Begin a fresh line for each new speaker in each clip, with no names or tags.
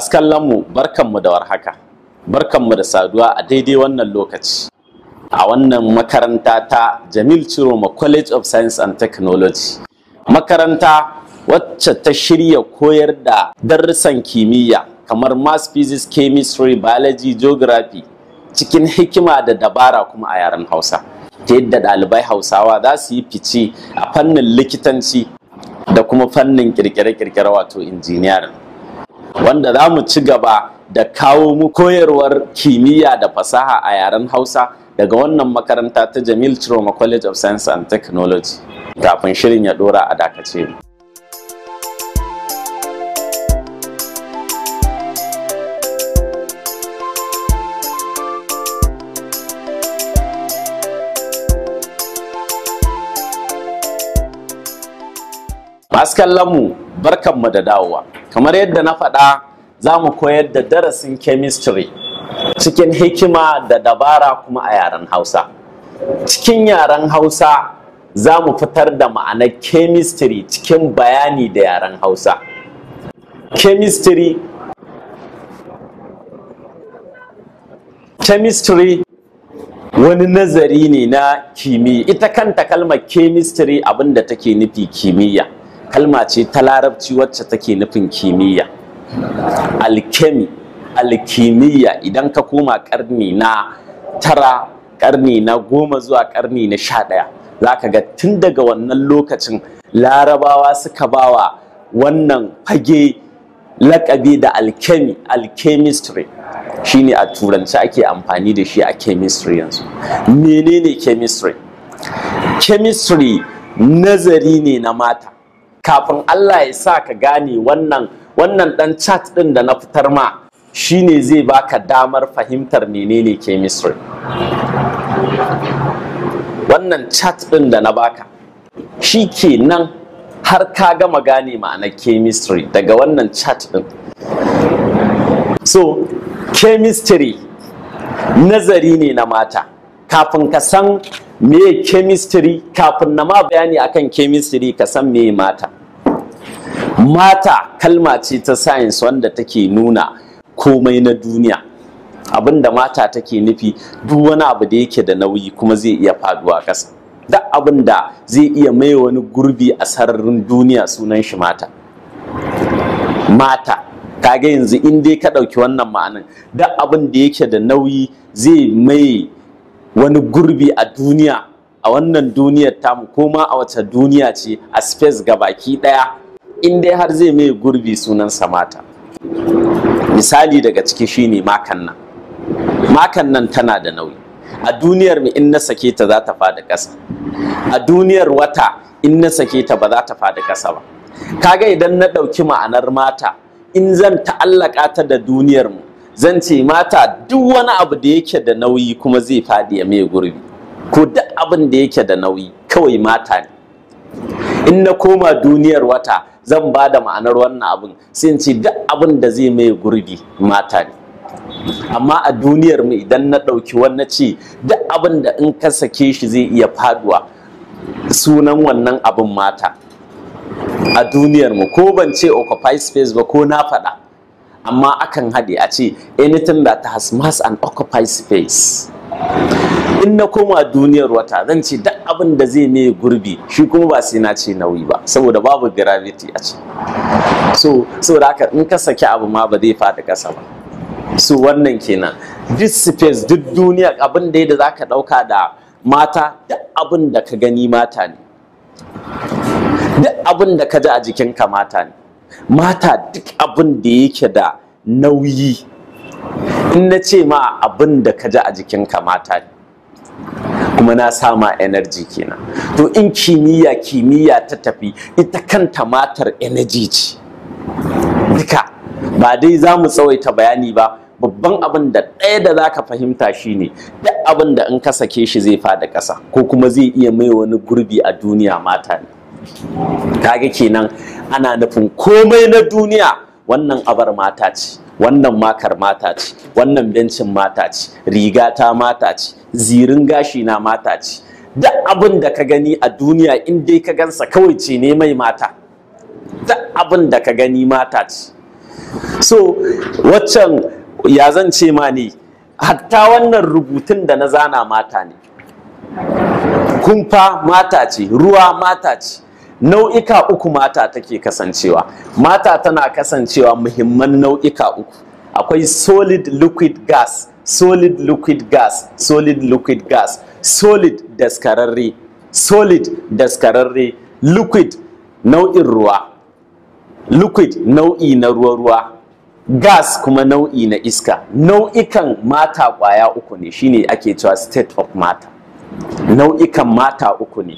Masu lamu mu barkanmu da warhaka. Barkanmu da saduwa a daidai wannan lokaci. A wannan makaranta ta Jamil Chiroma College of Science and Technology. Makaranta wacce ta shirya koyar da darussan kimiyya kamar Mass Physics, Chemistry, Biology, Geography cikin hikima da dabara kuma a yaren Hausa. Ta yadda ɗalibai Hausawa za su yi fice a fannin likitanci da kuma fannin kirkire-kirkire wato injiniyarin. wanda za mu ci gaba da kawo mu koyarwar kimiyya da fasaha a yaren hausa daga wannan makaranta ta jamil Chiroma college of science and technology kafin shirin ya dora a dakace mu Masu barkanmu da dawowa. kamar yadda na faɗa za mu koyar da darasin chemistry cikin hikima da dabara kuma a yaren hausa cikin yaren hausa za mu fitar da ma'anar chemistry cikin bayani da yaren hausa chemistry chemistry wani nazari ne na kimiyya ita kanta kalmar chemistry abinda take nufi kimiyya kalma ce ta larabci wacce take nufin kimiyya alkemi alkimiyya idan ka koma karni na tara karni na goma zuwa karni na sha ɗaya za ka ga tun daga wannan lokacin larabawa suka bawa wannan fage lakabi da alkemi Shi shine a turanci ake amfani da shi a chemistry yanzu menene chemistry chemistry nazari ne na mata kafin Allah ya sa ka gane wannan wannan dan chat din da na fitar ma shine zai baka damar fahimtar menene chemistry wannan chat din da na baka shi kenan har ka gama gane ma'anar chemistry daga wannan chat din so chemistry nazari ne na mata kafin ka san me chemistry kafin na ma bayani akan chemistry ka san me mata mata kalma ce ta science wanda take nuna komai na duniya Abinda mata take nufi duk wani abu da yake da nauyi kuma zai iya faduwa ƙasa duk abin zai iya mai wani gurbi a sararin duniya sunan shi mata mata kaga yanzu in dai ka ɗauki wannan ma'anin duk abin da yake da nauyi zai mai wani gurbi a duniya a wannan duniyar tamu ko ma a wace duniya ce a space ga baki ɗaya in dai har zai mai gurbi sunan samata misali daga ciki shine makan nan makan nan tana da nauyi a duniyar mu in na sake ta za ta fada ƙasa a duniyar wata in na sake ta ba za ta fada ƙasa ba kaga idan na ɗauki ma'anar mata in zan ta'allaka ta da duniyar mu zan ce mata duk wani abu da yake da nauyi kuma zai faɗi ya mai gurbi ko duk abin da yake da nauyi kawai mata ne in na koma duniyar wata zan ba da ma'anar wannan abin sai ce duk abin da zai mai gurbi mata ne amma a duniyar mu idan na ɗauki wannan ce duk abin da in ka sake shi zai iya faduwa sunan wannan abin mata a duniyar mu ko ban ce occupy space ba ko na faɗa amma akan haɗe a ce anything that has mass and occupy space in na koma duniyar wata zan ce duk abin da zai ne gurbi shi kuma ba sai na ce nauyi ba saboda babu gravity a ce so saboda haka in ka saki abu ma ba zai faɗi ƙasa ba so wannan kenan this space duk duniya abin da da zaka ɗauka da mata duk abin da ka gani mata ne duk abin da ka ji a jikinka mata ne mata duk abin da yake da nauyi in na ce ma abin da ka ji a jikinka mata ne kuma na sama energy kenan to in kimiyya kimiyya ta tafi ita kanta matar energy ce duka ba dai za mu tsawaita bayani ba babban abin da ɗaya da za ka fahimta shine duk abin da in ka sake shi zai fada ƙasa ko kuma zai iya mai wani gurbi a duniya mata ne kage kenan ana nufin komai na duniya wannan abar mata ce wannan makar mata ce wannan bencin mata ce riga ta mata ce zirin gashi na mata ce duk abin da ka gani a duniya in dai ka gansa kawai ce ne mai mata duk abin da ka gani mata ce so waccan ya zan ce ma ne hatta wannan rubutun da na zana mata ne kumfa mata ce ruwa mata ce nau'ika uku mata take kasancewa mata tana kasancewa muhimman nau'ika uku akwai solid liquid gas solid liquid gas solid liquid gas solid daskararre solid daskararre liquid nau'in ruwa liquid nau'i na ruwa ruwa gas kuma nau'i na iska nau'ikan mata kwaya uku ne shine ake cewa state of mata nau'ikan mata uku ne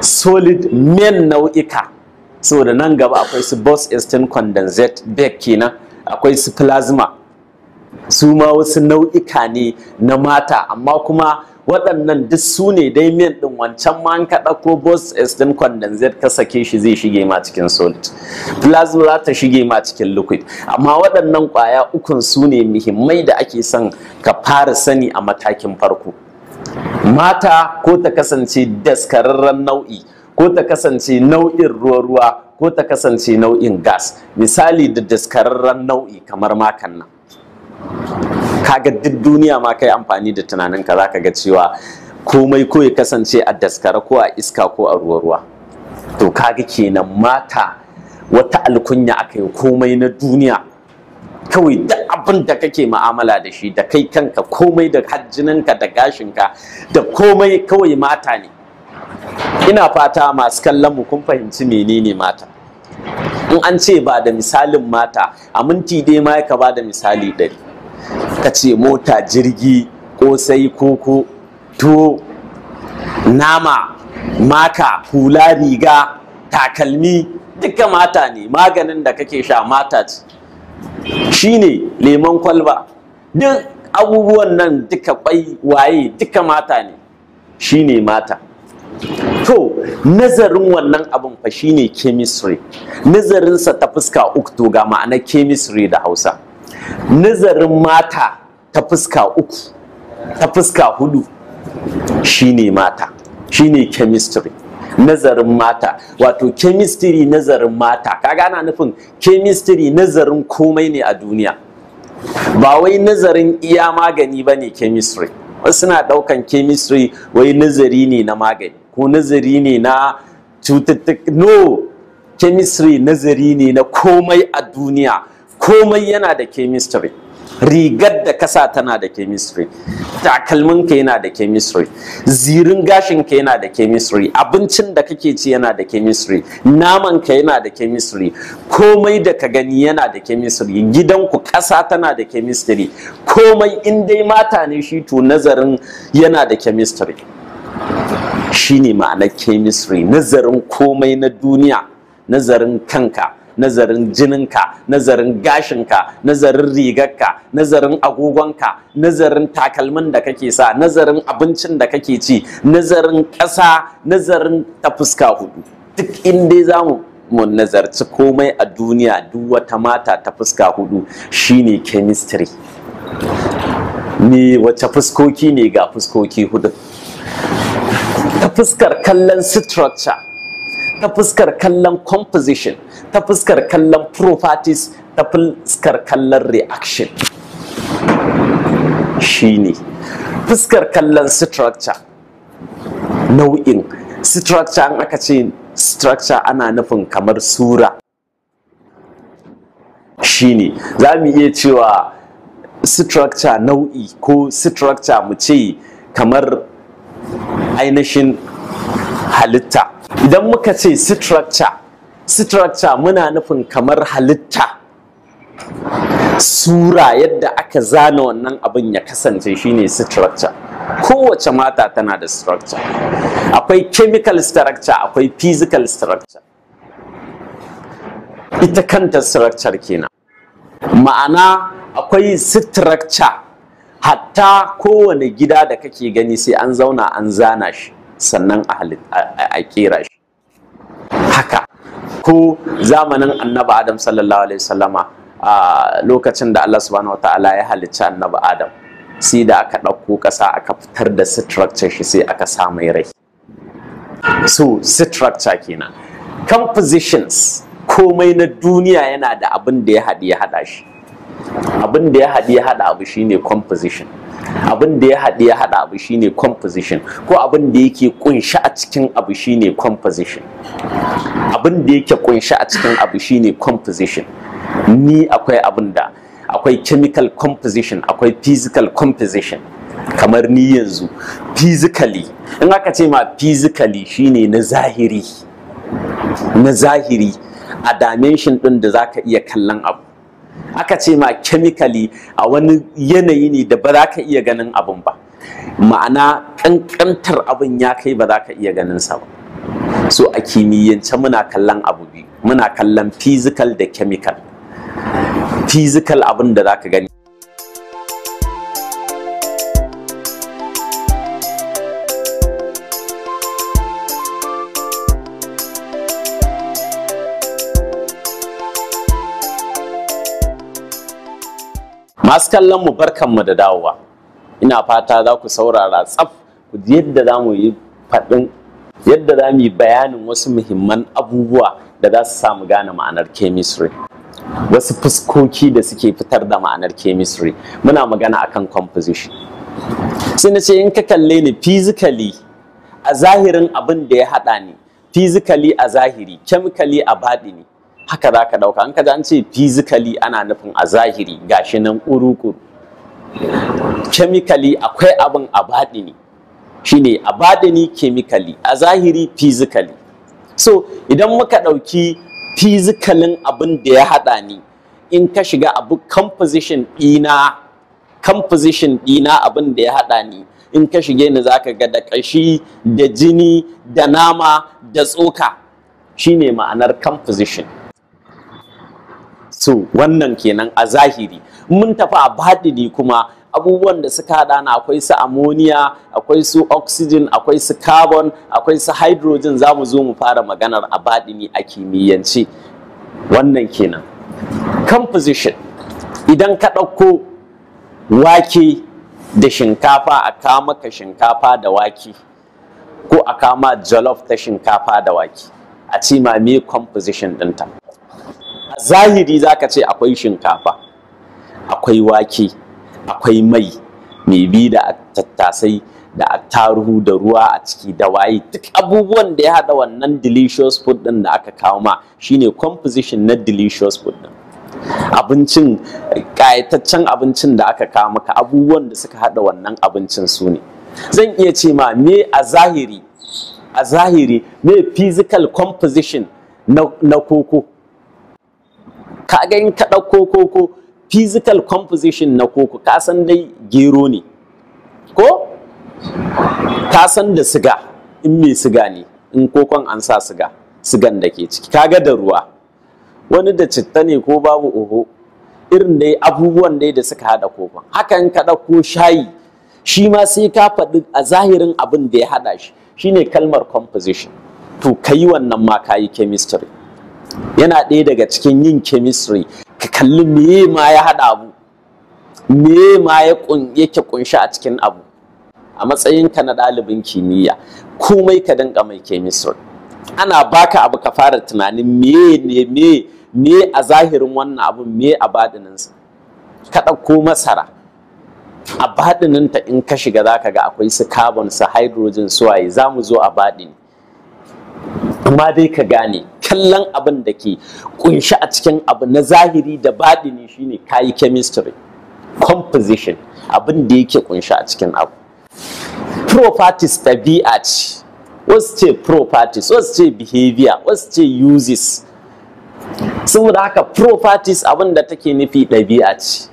solid main nau'ika saboda nan gaba akwai su boss instant condensate bake kenan akwai su plasma su ma wasu nau'ika ne na mata amma kuma waɗannan duk su ne dai min ɗin wancan ma an kaɗa ko boss instant condensate ka sake shi zai shige ma cikin solid plasma za ta shige ma cikin liquid amma waɗannan ƙwaya ukun su ne muhimmai da ake son ka fara sani a matakin farko mata ko ta kasance daskararren nau'i ko ta kasance nau'in ruwa-ruwa ko ta kasance nau'in gas misali da daskararren nau'i kamar makan nan kaga duk duniya ma kai amfani da tunaninka za ka ga cewa komai ko ya kasance a daskara ko a iska ko a ruwa-ruwa to kaga kenan mata wata alkunya aka komai na duniya kawai duk abin da kake ma'amala da shi da kai kanka komai da hajjininka da gashinka da komai kawai mata ne ina fata masu kallon mu kun fahimci menene mata in an ce ba da misalin mata a minti dai ma ka ba da misali ɗari ka ce mota jirgi ƙosai koko tuwo nama maka hula riga takalmi duka mata ne maganin da kake sha mata ce shine lemon kwalba duk abubuwan nan duka bai waye duka mata ne shine mata to nazarin wannan abin fa shine chemistry nazarinsa ta fuska uku to ga ma'ana chemistry da hausa nazarin mata ta fuska uku ta fuska hudu shine mata shine chemistry nazarin mata wato chemistry nazarin mata kaga ana nufin chemistry nazarin komai ne a duniya ba wai nazarin iya magani ba ne chemistry wasu na ɗaukan chemistry wai nazari ne na magani ko nazari ne na cututtuka no chemistry nazari ne na komai a duniya komai yana da chemistry rigar da kasa tana da chemistry takalmin ka yana da chemistry zirin gashin ka yana da chemistry abincin da kake ci yana da chemistry naman ka yana da chemistry komai da ka gani yana da chemistry ku kasa tana da chemistry komai in dai mata ne shi to nazarin yana da chemistry shine ma'anar chemistry nazarin komai na duniya nazarin kanka nazarin jininka nazarin gashinka nazarin rigarka nazarin agogonka nazarin takalmin da kake sa nazarin abincin da kake ci nazarin ƙasa nazarin ta fuska hudu duk in za zamu mu nazarci komai a duniya duk wata mata ta fuska hudu shine chemistry ni wace fuskoki ne ga fuskoki hudu ta fuskar kallon structure ta fuskar kallon composition ta fuskar kallon properties ta fuskar kallon reaction shine fuskar kallon structure nau'in structure an aka ce structure ana nufin kamar sura shine za mu iya cewa structure nau'i ko structure mu ce kamar ainihin halitta idan muka ce structure structure muna nufin kamar halitta sura yadda aka zana wannan abin ya kasance shine structure kowace mata tana da structure akwai chemical structure akwai physical structure ita kanta structure kenan ma'ana akwai structure hatta kowane gida da kake gani sai an zauna an zana shi sannan a kera shi haka ko zamanin annaba adam sallallahu alaihi wasallama a lokacin da Allah subhanahu ta'ala ya halicci annaba adam sai da aka ɗauko ƙasa aka fitar da structure shi sai aka samu rai so structure kenan compositions komai na duniya yana da abin da ya haɗe ya haɗa shi abin da ya haɗi ya haɗa abu shine composition abin da ya haɗi ya haɗa abu shine composition ko abin da yake kunshi a cikin abu shine composition abin da yake kunshi a cikin abu shine composition ni akwai abin da akwai chemical composition akwai physical composition kamar ni yanzu physically in aka ce ma physically shine na zahiri na zahiri a dimension ɗin da zaka iya kallon abu aka ce ma kemikali a wani yanayi ne da ba za ka iya ganin abin ba ma'ana kankantar abin ya kai ba za ka iya ganin sa ba so a kimiyyance muna kallon abu biyu muna kallon physical da chemical physical abin da za ka gani masu barkanmu barkan mu da dawowa ina fata za ku saurara tsaf ku yadda za mu yi faɗin yadda za mu yi bayanin wasu muhimman abubuwa da za su samu gane ma'anar chemistry wasu fuskoki da suke fitar da ma'anar chemistry muna magana akan composition sai na ce in ka kalle ni physically a zahirin abin da ya haɗa ni physically a zahiri chemically a baɗini haka za ka ɗauka an ka ji an ce physically ana nufin a zahiri gashi nan ƙuru Kemikali chemically akwai abin a baɗini shine a baɗini chemically a zahiri physically so idan muka ɗauki physicalin abin da ya haɗa ni in ka shiga abu composition ɗina composition ɗina abin da ya haɗa ni in ka shige ni zaka ga da ƙashi da jini da nama da tsoka shine ma'anar composition so wannan kenan a zahiri mun tafi a baɗini kuma abubuwan da suka haɗa na akwai su ammonia akwai su oxygen akwai su carbon akwai su hydrogen za mu zo mu fara maganar a baɗini a kimiyyance wannan kenan composition idan ka ɗauko wake da shinkafa a kama ka shinkafa da wake ko a kama jollof ta shinkafa da wake a cima me composition ɗinta zahiri za ka ce akwai shinkafa akwai wake akwai mai mai bi da tattasai da attaruhu da ruwa a ciki da waye duk abubuwan da ya haɗa wannan delicious food ɗin da aka kawo ma shine composition na delicious food din abincin kayataccen abincin da aka kawo maka abubuwan da suka haɗa wannan abincin su ne zan iya ce ma me a zahiri a zahiri me physical composition na koko kaga in ka ɗauko koko physical composition na koko ka san dai gero ne ko ka san da siga in mai siga ne in kokon an sa siga sigan da ke ciki kaga da ruwa wani da citta ne ko babu oho irin dai abubuwan dai da suka hada kokon in ka ɗauko shayi shi ma sai ka faɗi a zahirin abin da ya haɗa shi shine kalmar composition to kayi wannan ma kayi chemistry yana ɗaya daga cikin yin chemistry ka kalli meye ma ya haɗa abu meye ma yake ƙunshi a cikin abu a matsayinka na ɗalibin kimiyya komai ka dinga mai chemistry ana baka abu ka fara tunanin meye ne me me a zahirin wannan abun me a baɗininsa ka ɗauko masara a baɗininta in ka shiga za ka ga akwai su carbon su hydrogen su waye za mu zo a baɗini amma dai ka gane kallon abin da ke kunshi a cikin abu na zahiri da baɗini shine kayi chemistry composition abin da yake kunshi a cikin abu properties ɗabi'a ce wasu ce properties wasu ce behavior wasu ce uses saboda haka properties abin da take nufi ɗabi'a ce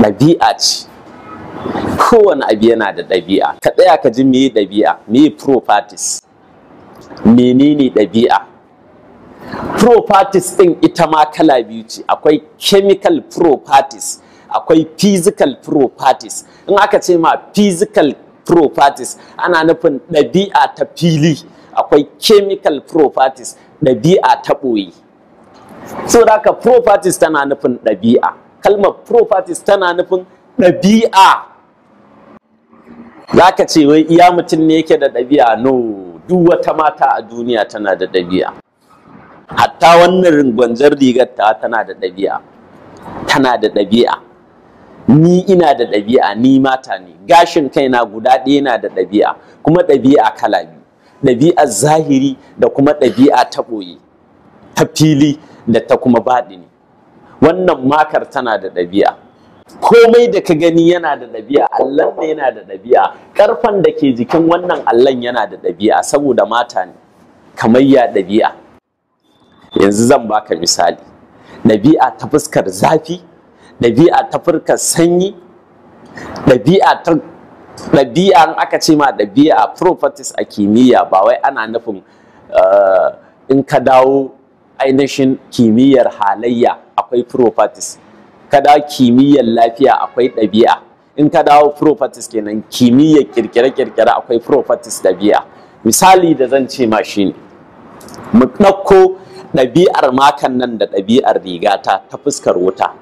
ɗabi'a ce kowane abu yana da ɗabi'a ka tsaya ka ji me ɗabi'a me properties menene ɗabi'a properties ɗin ita ma kala biyu ce akwai chemical properties akwai physical properties in aka ce ma physical properties ana nufin ɗabi'a ta fili akwai chemical properties ɗabi'a ta ɓoye saboda haka properties tana nufin ɗabi'a kalmar properties tana nufin ɗabi'a za ka ce wai iya mutum ne yake da ɗabi'a no duk wata mata a duniya tana da ɗabi'a hatta wannan ringwanzar rigar ta tana da ɗabi'a tana da ɗabi'a ni ina da ɗabi'a ni mata ne gashin kaina guda ɗaya na da ɗabi'a kuma ɗabi'a kala biyu ɗabi'ar zahiri da kuma ɗabi'a ta ɓoye ta fili da ta kuma baɗi ne. wannan makar tana da ɗabi'a komai da ka gani yana da ɗabi'a allan ne yana da ɗabi'a Karfan da ke jikin wannan allan yana da ɗabi'a saboda mata ne ya ɗabi'a yanzu zan baka misali ɗabi'a ta fuskar zafi ɗabi'a ta fuskar sanyi ɗabi'a ta ɗabi'a aka ce ma ɗabi'a properties a kimiyya ba wai ana nufin eh, in ka dawo ainihin kimiyyar halayya akwai properties ka dawo kimiyyar lafiya akwai ɗabi'a in ka dawo properties kenan kimiyyar kirkire-kirkire akwai properties ɗabi'a misali da zan ce ma ne, mu ɗauko ɗabi'ar makan nan da ɗabi'ar rigata ta fuskar wuta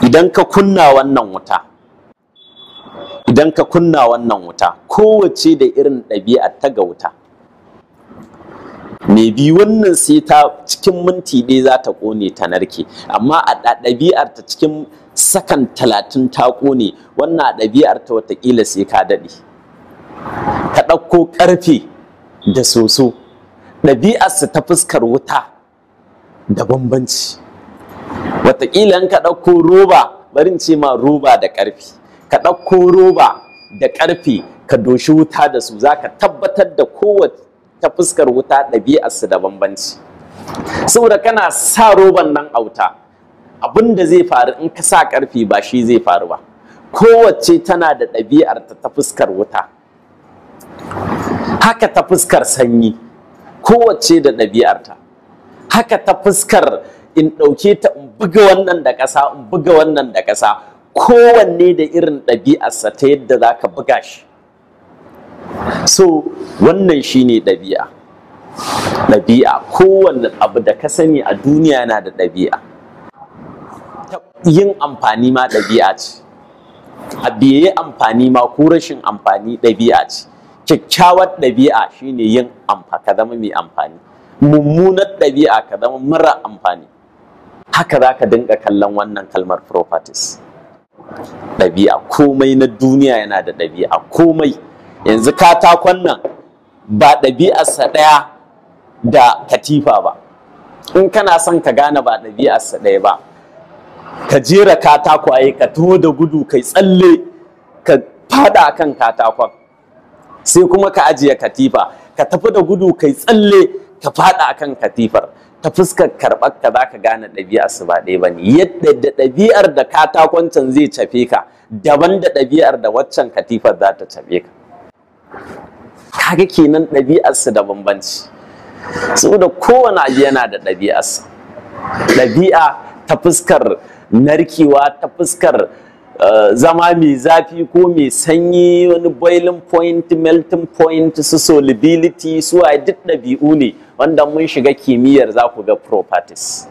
idan ka kunna wannan wuta idan ka kunna wannan wuta kowace da irin ɗabi'ar ta ga wuta me bi wannan sai ta cikin minti ɗaya za ta ƙone ta narke amma a ɗabi'ar ta cikin sakan talatin ta ƙone wannan a ɗabi'ar ta watakila sai ka daɗe ka ɗauko ƙarfe da soso ɗabi'arsa ta fuskar wuta da bambanci watakila in ka ɗauko roba barin ce ma roba da ƙarfe ka ɗauko roba da ƙarfe ka doshi wuta da su za ka tabbatar da kowace ta fuskar wuta ɗabi'arsu da bambanci saboda kana sa roban nan a wuta abin da zai faru in ka sa ƙarfi ba shi zai faru ba kowace tana da ɗabi'ar ta ta fuskar wuta haka ta fuskar sanyi kowace da ɗabi'arta haka ta fuskar in ɗauke ta in buga wannan da ƙasa in buga wannan da ƙasa kowanne da irin ɗabi'arsa ta yadda za ka buga shi so wannan shine ɗabi'a ɗabi'a kowanne abu da ka sani a duniya na da ɗabi'a yin amfani ma ɗabi'a ce a biye amfani ma ko rashin amfani ɗabi'a ce kyakkyawar ɗabi'a shine yin amfa ka zama mai amfani mummunar ɗabi'a ka zama mara amfani haka za ka dinga kallon wannan kalmar properties ɗabi'a komai na duniya yana da ɗabi'a komai yanzu katakon nan ba ɗabi'arsa ɗaya da katifa ba in kana son ka gane ba ɗabi'arsa ɗaya ba ka jera katakwaye ka taho da gudu kai tsalle ka fada kan katakon sai kuma ka ajiye katifa ka tafi da gudu kai tsalle ka fada akan katifar ta fuskar karɓar ka za ka gane ɗabi'ar su ba ɗaya ba ne yadda da ɗabi'ar da katakon can zai cafe ka daban da ɗabi'ar da waccan katifar za ta cafe ka kaga kenan ɗabi'arsa da bambanci saboda kowane abu yana da ɗabi'arsa ɗabi'a ta fuskar narkewa ta fuskar eh, zama mai zafi ko mai sanyi wani boiling point melting point su solubility su a duk ɗabi'u ne wanda mun shiga kimiyyar za ku ga properties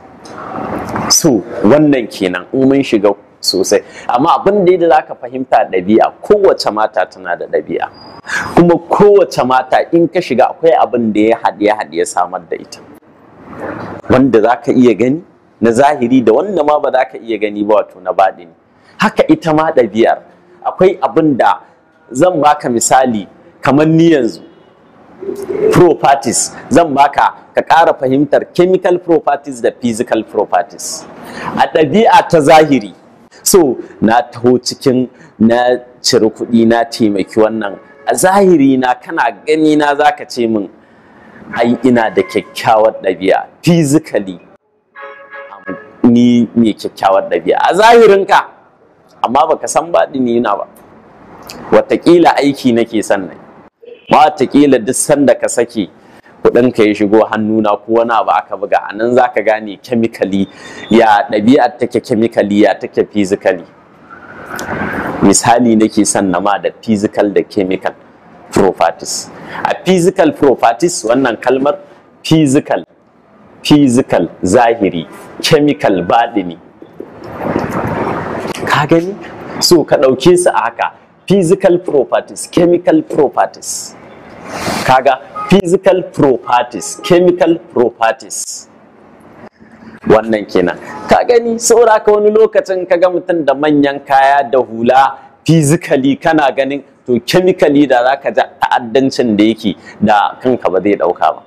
so wannan kenan in mun shiga sosai amma abin da za ka fahimta ɗabi'a kowace mata tana da ɗabi'a kuma kowace mata in ka shiga akwai abin da ya haɗe haɗe samar da ita wanda za ka iya gani na zahiri da wanda ma ba za ka iya gani ba wato na baɗini haka ita ma ɗabi'ar akwai abin da zan baka misali kamar ni yanzu properties zan baka ka ƙara fahimtar chemical properties da physical properties a ɗabi'a ta zahiri so na taho cikin na ciri kuɗi na taimaki wannan a zahiri na kana gani na zaka ce min ai ina da kyakkyawar ɗabi'a physically ni mai kyakkyawar ɗabi'a a zahirinka amma baka san baɗi ni na ba watakila aiki nake son watakila duk sanda ka sake kudin ka ya shigo hannuna ko wani abu aka buga a nan zaka gane kemikali? ya ɗabi'ar take kemikali? ya take fizikali? misali nake son nama da physical da chemical properties a physical properties wannan kalmar physical physical zahiri chemical baɗini ka gani so ka ɗauke su a haka physical properties chemical properties kaga physical properties chemical properties wannan kenan ka gani saura ka wani lokacin ka ga mutum da manyan kaya da hula physically kana ganin to chemically da zaka ji ta'addancin da yake da kanka ba zai dauka ba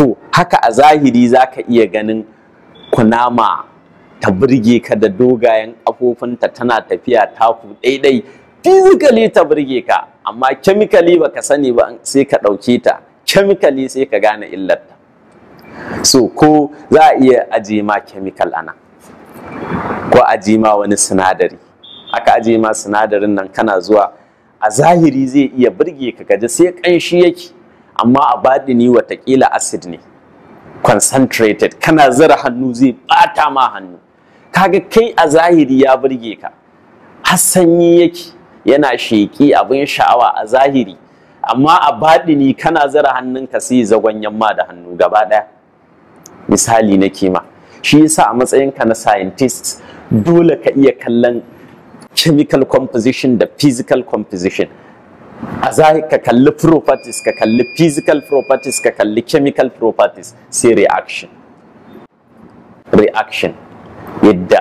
to haka a zahiri zaka iya ganin kunama ta burge ka da dogayen ta tana tafiya taku ɗaiɗai physically ta burge ka amma kemikali ba ka sani ba sai ka ɗauke ta kemikali sai ka gane illarta so ko za a iya ajiye ma kemikal ana ko ajiye ma wani sinadari aka ajiye ma sinadarin nan kana zuwa a zahiri zai iya birge ka gaji sai ƙanshi yake amma a baɗini watakila acid ne concentrated kana zira hannu zai ɓata ma hannu kaga kai a zahiri ya birge ka har sanyi yake yana sheki abin sha'awa a zahiri amma a baɗini kana zara hannunka sai zagon yamma da hannu gaba ɗaya misali na kima shi yasa a matsayinka na scientist dole ka iya kallon chemical composition da physical composition a ka kalli properties ka kalli physical properties ka kalli chemical properties sai reaction reaction yadda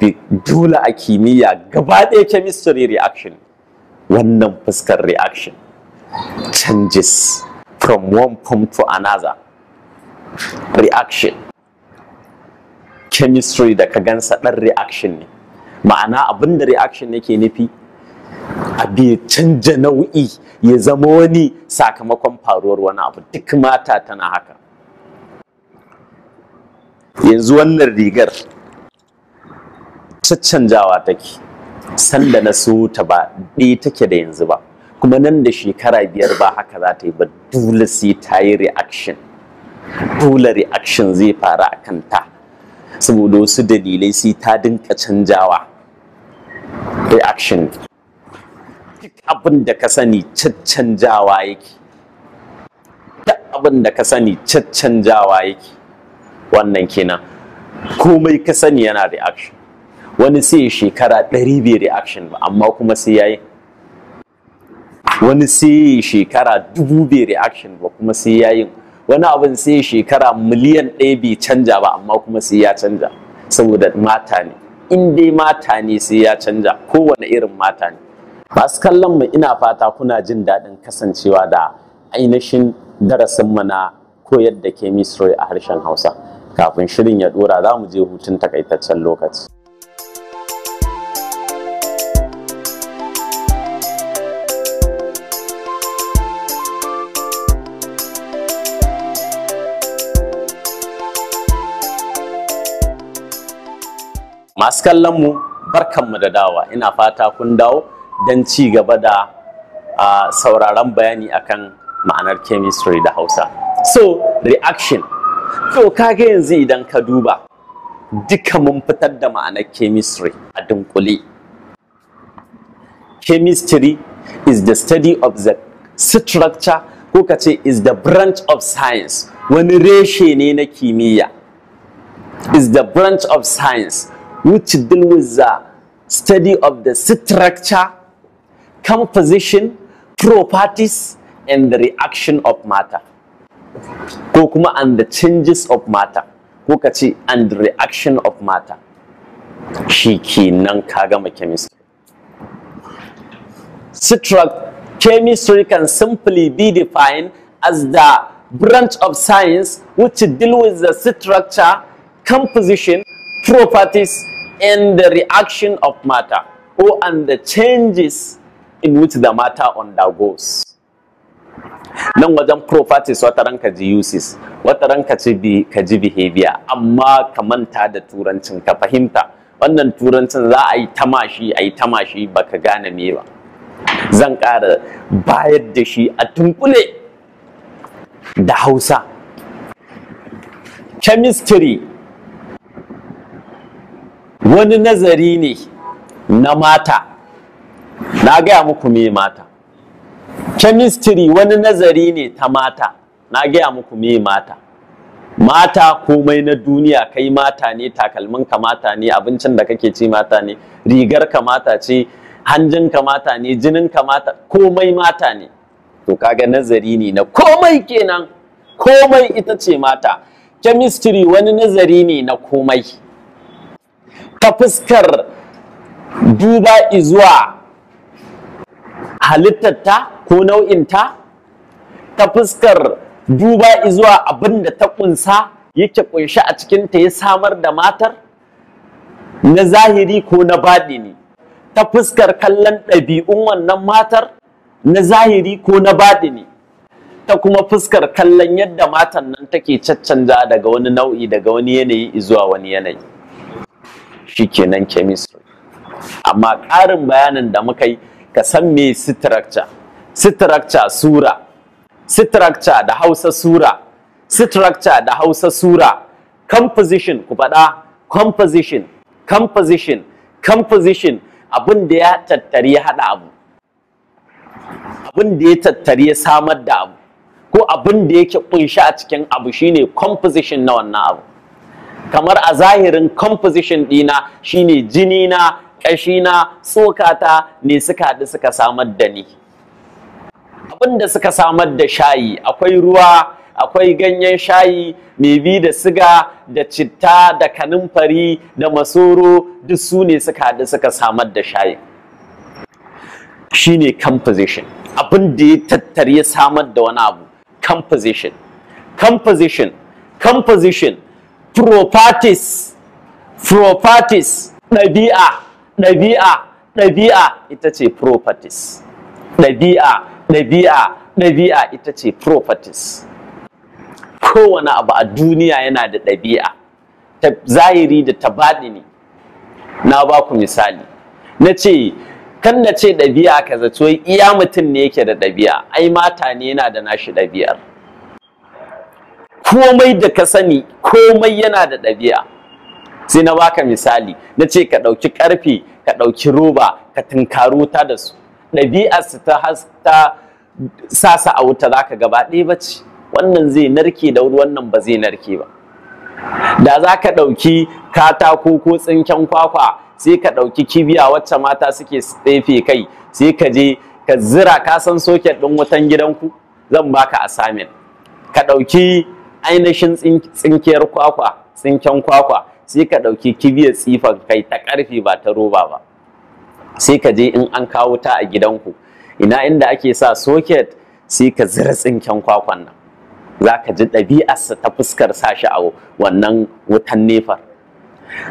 bi dole a kimiyya gaba ɗaya chemistry reaction wannan fuskar reaction changes from one form to another reaction chemistry da ka gansa ɗan reaction ne ma'ana abin da reaction yake nufi a bi canja nau'i ya zama wani sakamakon faruwar wani abu duk mata tana haka yanzu wannan rigar caccanjawa take sanda na so ta ba ɗaya take da yanzu ba kuma nan da shekara biyar ba haka za ta yi ba dole sai ta yi reaction dole reaction zai faru a kanta saboda wasu dalilai sai ta dinka canjawa reaction duk abin da ka sani caccanjawa yake duk abin da ka sani caccanjawa yake wannan kenan komai ka sani yana reaction wani sai shekara ɗari bai reaction ba amma kuma sai ya yi wani sai shekara dubu bai reaction ba kuma sai ya yi wani abin sai shekara miliyan ɗaya bai canja ba amma kuma sai ya canja saboda mata ne in dai mata ne sai ya canja kowane irin mata ne masu kallon mu ina fata kuna jin daɗin kasancewa da ainihin darasin mu na koyar da chemistry a harshen hausa kafin shirin ya ɗora za mu je hutun takaitaccen lokaci masu kallon mu barkanmu da dawa ina fata kun dawo don ci gaba da sauraron bayani akan ma'anar chemistry da hausa so reaction So kage yanzu idan ka duba duka mun fitar da ma'anar chemistry a dunkule chemistry is the study of the structure ko ka ce is the branch of science wani reshe ne na kimiyya is the branch of science which deal with the study of the structure, composition, properties, and the reaction of matter. Ko kuma and the changes of matter. Ko and the reaction of matter. Shi kenan ka gama chemistry. Struct chemistry can simply be defined as the branch of science which deal with the structure, composition, properties, and the reaction of matter or oh, and the changes in which the matter undergoes nan wajen properties wata ranka ji uses wata ranka ci ka ji behavior amma ka manta da turancin ka fahimta wannan turancin za a yi tamashi a yi tamashi baka gane me ba zan ƙara bayar da shi a tunkule da hausa chemistry wani nazari ne na mata na gaya muku me mata chemistry wani nazari ne ta mata na gaya muku me mata mata komai na duniya kai mata ne takalmin ka mata ne abincin da kake ci mata ne rigar ka mata ce hanjin ka mata ne jinin ka mata komai mata ne to kaga nazari ne na komai kenan komai ita ce mata chemistry wani nazari ne na komai ta fuskar duba izuwa halittarta ko nau'inta ta fuskar duba izuwa abin da ta kunsa yake kunshi a cikinta ya samar da matar na zahiri ko na baɗi ne, ta fuskar kallon ɗabi'un wannan matar na zahiri ko na baɗi ne, ta kuma fuskar kallon yadda matan nan take caccanja daga wani nau'i daga wani yanayi zuwa wani yanayi shikenan chemistry amma ƙarin bayanin da muka yi ka san me structure structure sura structure da hausa sura structure da hausa sura composition ku faɗa composition composition composition abin da ya tattari ya haɗa abu abin da ya tattari ya samar da abu ko abin da yake kunshi a cikin abu shine composition na wannan abu kamar a zahirin composition ɗina shine jini na ƙashi na tsokata ne suka haɗu suka samar da ni abin da suka samar da shayi akwai ruwa akwai ganyen shayi mai bi da siga da citta da kanumfari da masoro duk su ne suka haɗu suka samar da shayi shine composition abin da ya tattare samar da wani abu composition composition composition properties properties ɗabi'a ɗabi'a ɗabi'a ita ce properties ɗabi'a ɗabi'a ɗabi'a ita ce properties kowane abu a duniya yana da ɗabi'a ta zahiri da ta ne. na ba ku misali na ce kan na ce ɗabi'a ka zato iya mutum ne yake da ɗabi'a ai mata ne yana da nashi ɗabi'ar komai da ka sani komai yana da ɗabi'a sai na baka misali na ce ka ɗauki ƙarfe ka ɗauki roba ka tunkaro ta da su su ta ta sasa a wuta za ka gaba ɗaya ba wannan zai narke da wannan ba zai narke ba da za ka ɗauki katako ko tsinken kwakwa sai ka ɗauki kibiya wacce mata suke tsefe kai sai ka je ka zira ka san soket ɗin wutan gidanku zan baka assignment ka ɗauki ainihin tsinkiyar kwakwa tsinken kwakwa sai ka ɗauki kibiyar tsifan kai ta ƙarfi ba ta roba ba sai ka je in an kawo ta a gidanku ina inda ake sa soket sai ka zira tsinken kwakwan nan za ka ji ɗabi'arsa ta fuskar sashi a wannan wutan nefar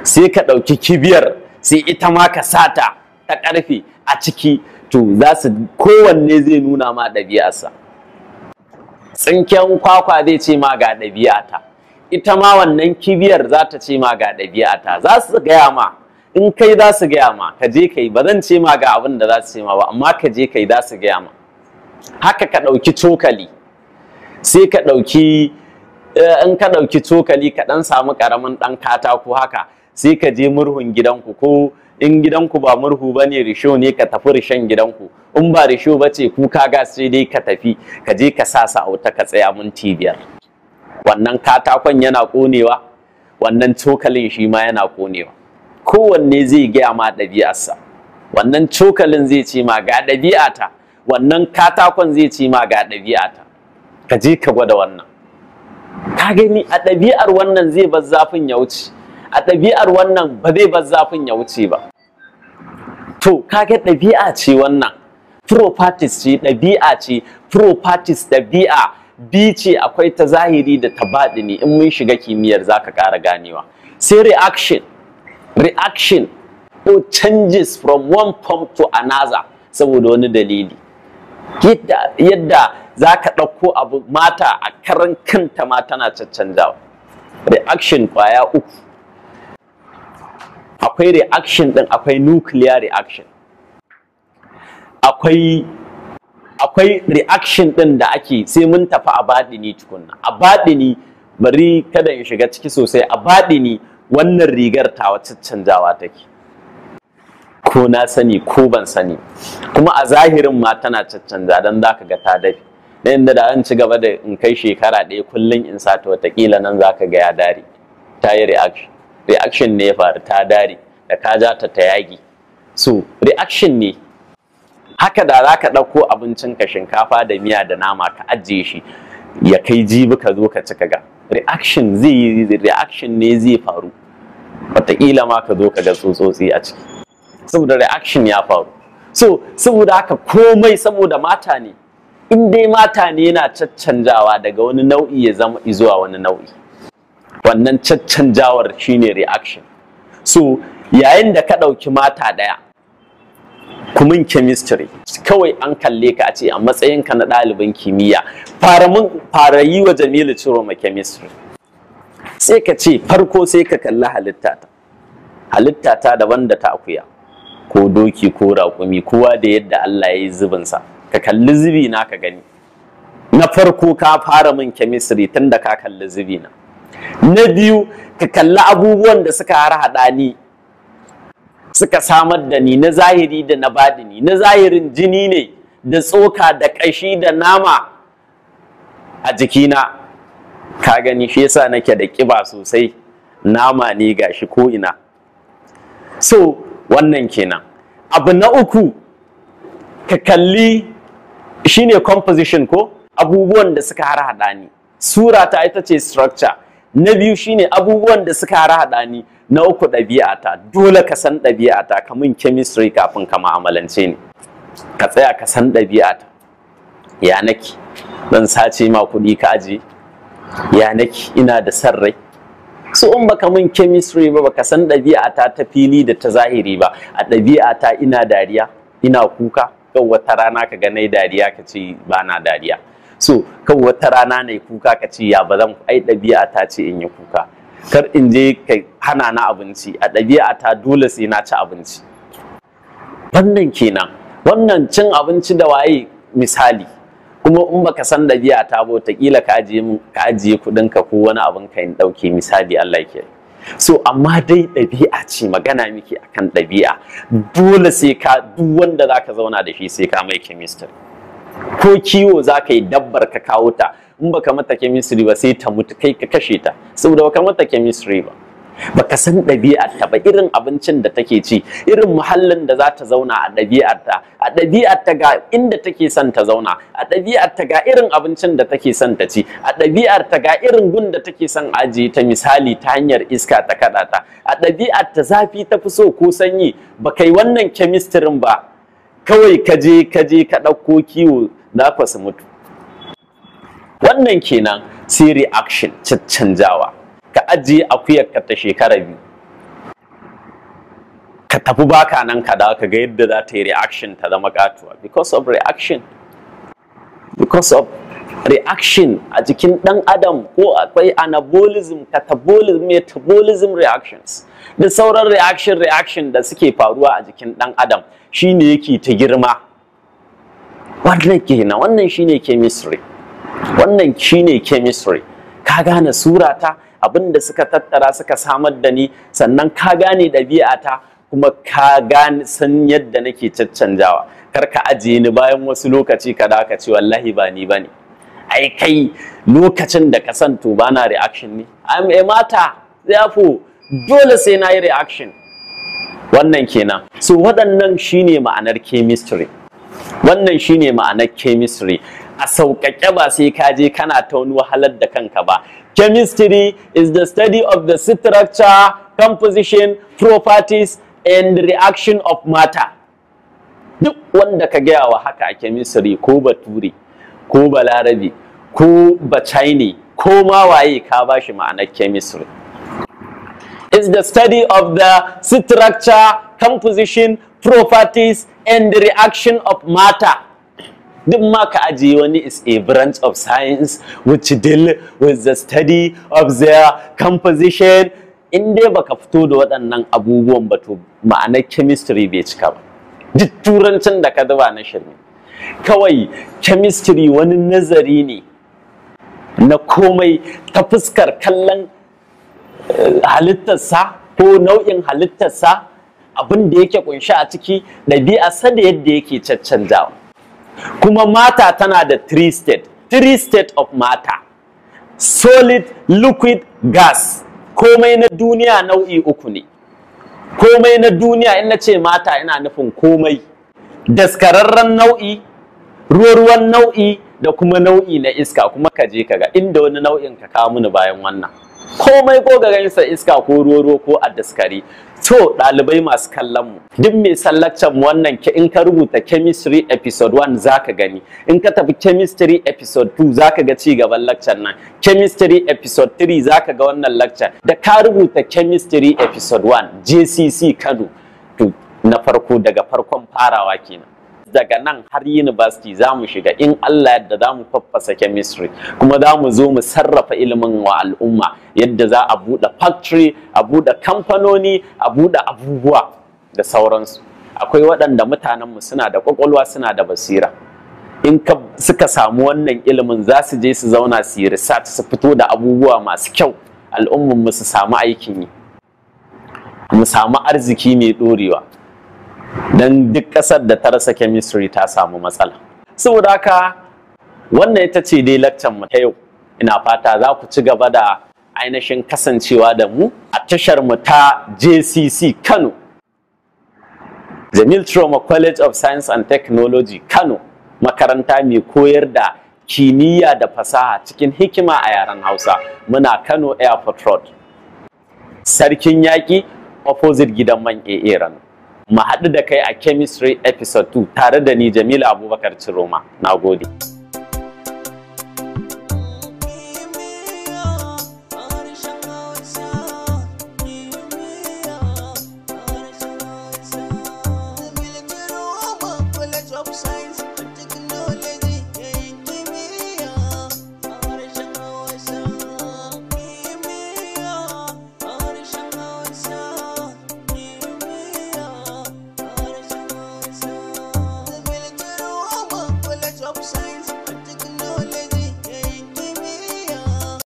sai ka ɗauki kibiyar sai ita ma ka sa ta ƙarfi a ciki to za su kowanne zai nuna ma ɗabi'arsa tsinken kwakwa zai ce ma ga ɗabi'ata ita ma wannan kibiyar za ta ce ma ga ɗabi'ata za su gaya ma in kai za su gaya ma ka je kai ba zan ce ma ga abin da za su ce ma ba amma ka je kai za su gaya ma haka ka ɗauki cokali sai ka ɗauki eh, in ka ɗauki cokali ka ɗan samu ƙaramin ɗan katako haka sai ka je murhun gidanku ko in gidanku ba murhu ba ne risho ne ka tafi rishon gidanku in ba risho ba ce kuka ga sai dai ka tafi ka je ka sa auta ka tsaya minti biyar wannan katakon yana konewa wannan cokalin shi ma yana konewa kowanne zai gaya ma ɗabi'arsa wannan cokalin zai ce ma ga ɗabi'ata wannan katakon zai ce ma ga ɗabi'ata ka je ka gwada wannan ka gani a ɗabi'ar wannan zai bar zafin ya wuce a ɗabi'ar wannan ba zai bar zafin ya wuce ba to kage ɗabi'a ce wannan properties ce ɗabi'a ce properties ɗabi'a bi ce akwai ta zahiri da ta baɗi baɗini in mun shiga kimiyyar za ka ƙara ganewa sai reaction reaction ko changes from one form to another saboda wani dalili yadda za ka ɗauko abu mata a karan kanta ma tana caccanjawa reaction kwaya uku akwai reaction ɗin akwai nuclear reaction akwai akwai reaction ɗin da ake sai mun tafi a baɗini tukunna a badini bari kada in shiga ciki sosai a baɗini wannan rigar tawa canjawa take ko na sani ko ban sani kuma a zahirin ma tana caccanja don za ka ga ta dafi na inda da an ci gaba da in kai shekara ɗaya kullum in sata watakila nan za ka ga ya dare ta yi reaction reaction ne ya faru ta dare da ka ja ta ta yagi so reaction ne haka da za ka ɗauko abincin ka shinkafa da miya da nama ka ajiye shi ya kai jibi ka zo ka ci ga reaction zai yi reaction ne zai faru wataƙila ma ka zo ka ga tsotsotsi a ciki saboda reaction ya faru so saboda haka komai saboda mata ne in dai mata ne yana caccanjawa daga wani nau'i ya zama zuwa wani nau'i wannan caccan caccanjawar shine reaction so yayin da ka ɗauki mata ɗaya kumin chemistry kawai an kalle ka a ce a matsayinka na ɗalibin kimiyya fara yi wa jamilu ciro ma chemistry sai ka ce farko sai ka kalli halitta ta halitta ta daban da ta akuya ko doki ko raƙumi kowa da yadda Allah ya yi zubinsa ka kalli zubi na ka gani na farko ka fara min chemistry tun da ka kalli zubi na na biyu ka kalli abubuwan da suka harhaɗa ni suka samar da ni na zahiri da na badini na zahirin jini ne da tsoka da ƙashi da nama a jikina ka gani shi yasa nake da ƙiba sosai nama ne gashi ko ina so wannan kenan abu na uku ka kalli shine composition ko abubuwan da suka harhaɗa ni sura ta ita ce structure na biyu shine abubuwan da suka haɗa ni na uku ɗabi'ata dole ka san ɗabi'ata ka min chemistry kafin ka ma'amalance ni ka tsaya ka san ɗabi'ata ya nake dan sace ma kuɗi ka aje ya nake ina da san su in baka min chemistry ba baka san ɗabi'ata ta fili da ta zahiri ba a ɗabi'ata ina dariya ina kuka kan wata rana ka ga nai dariya ka ce ba na dariya so kan wata rana ne kuka ka ce ya ba zan ai ɗabi'a ta ce in yi kuka kar in je ka hana na abinci a ɗabi'a ta dole sai na ci abinci wannan kenan wannan cin abinci da waye misali kuma in baka san ɗabi'a ta ba watakila ka ajiye ka ajiye kuɗinka ko wani abin ka in ɗauke misali Allah ke so amma dai ɗabi'a ce magana miki akan ɗabi'a dole sai ka duk wanda zaka zauna da shi sai ka mai chemistry ko kiwo za ka yi dabbar ka kawo ta in baka mata chemistry ba sai ta mutu kai ka kashe ta saboda baka mata chemistry ba baka san ɗabi'arta ba irin abincin da take ci irin muhallin da za ta zauna a ɗabi'arta a ɗabi'arta ga inda take son ta zauna a ɗabi'arta ga irin abincin da take son ta ci a ɗabi'arta ga irin gun da take son ajiye ta misali ta hanyar iska ta kaɗa ta a ta zafi ta fi so ko sanyi ba yi wannan kemistirin ba kawai ka je ka je ka ɗauko kiwo na kwasa mutu wannan kenan sai reaction caccanjawa ka ajiye akuyar ka ta shekara biyu ka tafi baka nan ka dawo ka ga yadda za ta yi reaction ta zama gatuwa because of reaction because of reaction a jikin ɗan adam ko akwai anabolism catabolism metabolism reactions da sauran reaction reaction da suke faruwa a jikin ɗan adam shine yake ta girma wannan kenan wannan shine chemistry wannan shine chemistry ka gane surata abinda suka tattara suka samar da ni sannan ka gane ta kuma ka gane san yadda nake caccanjawa kar ka ajiye ni bayan wasu lokaci ka da ka ce wallahi ba ni bane ai kai lokacin da ka san to bana reaction ne am a eh, mata therefore dole sai na yi reaction wannan kenan so waɗannan shine ma'anar chemistry wannan shine ma'anar chemistry a sauƙaƙe ba sai ka je kana ta wani wahalar da kanka ba chemistry is the study of the structure composition properties and reaction of matter duk wanda ka gaya wa haka a chemistry ko bature ko Balarabi, ko bachaini ko ma waye ka ba shi ma'anar chemistry Is the study of the structure, composition, properties, and the reaction of matter. Duk ka ajiye wani is a branch of science which deal with the study of their composition. In dai baka fito da waɗannan abubuwan ba to ma'anar chemistry bai cika ba. Duk turancin da ka zuba na shirme. kawai chemistry wani nazari ne na komai ta fuskar kallon eh, halittarsa ko nau'in halittarsa abin da yake kunshi a ciki ɗabi'arsa da yadda yake caccanjawa kuma mata tana da three state three state of mata solid liquid gas komai na duniya nau'i uku ne komai na duniya in na ce mata ina nufin komai daskararren nau'i ruwa-ruwan nau'i da kuma nau'i na iska kuma ka je ka ga inda wani nau'in ka kawo mini bayan wannan komai ko sa iska ko ruwa-ruwa ko addaskari to ɗalibai masu kallon mu duk mai mu wannan ke in ka rubuta chemistry episode 1 zaka gani in ka tafi chemistry episode 2 zaka ga ci gaban laccan nan chemistry episode 3 zaka ga wannan lecture da ka rubuta chemistry episode 1 JCC Kano to na farko daga farkon farawa kenan daga nan har university za mu shiga in Allah yadda za mu faffasa chemistry kuma za mu zo mu sarrafa ilimin wa al'umma yadda za a buɗe factory a buɗe kamfanoni a buɗe abubuwa da sauransu akwai waɗanda mutanenmu suna da ƙwaƙwalwa suna da basira in ka suka samu wannan ilimin za su je su zauna su yi research su fito da abubuwa masu kyau al'ummarmu su samu aikin yi mu samu arziki mai ɗorewa don duk ƙasar da ta rasa chemistry ta samu matsala saboda haka wannan ita ce dai laccan mu ta yau ina fata za ku ci gaba da ainihin kasancewa da mu a tashar mu ta JCC Kano Jamil Trauma College of Science and Technology Kano makaranta mai koyar da kimiyya da fasaha cikin hikima a yaren Hausa muna Kano Airport Road Sarkin Yaƙi opposite gidan man AA Rano mu haɗu da kai a chemistry episode 2 tare da ni Jamilu Abubakar Ciroma. Na gode.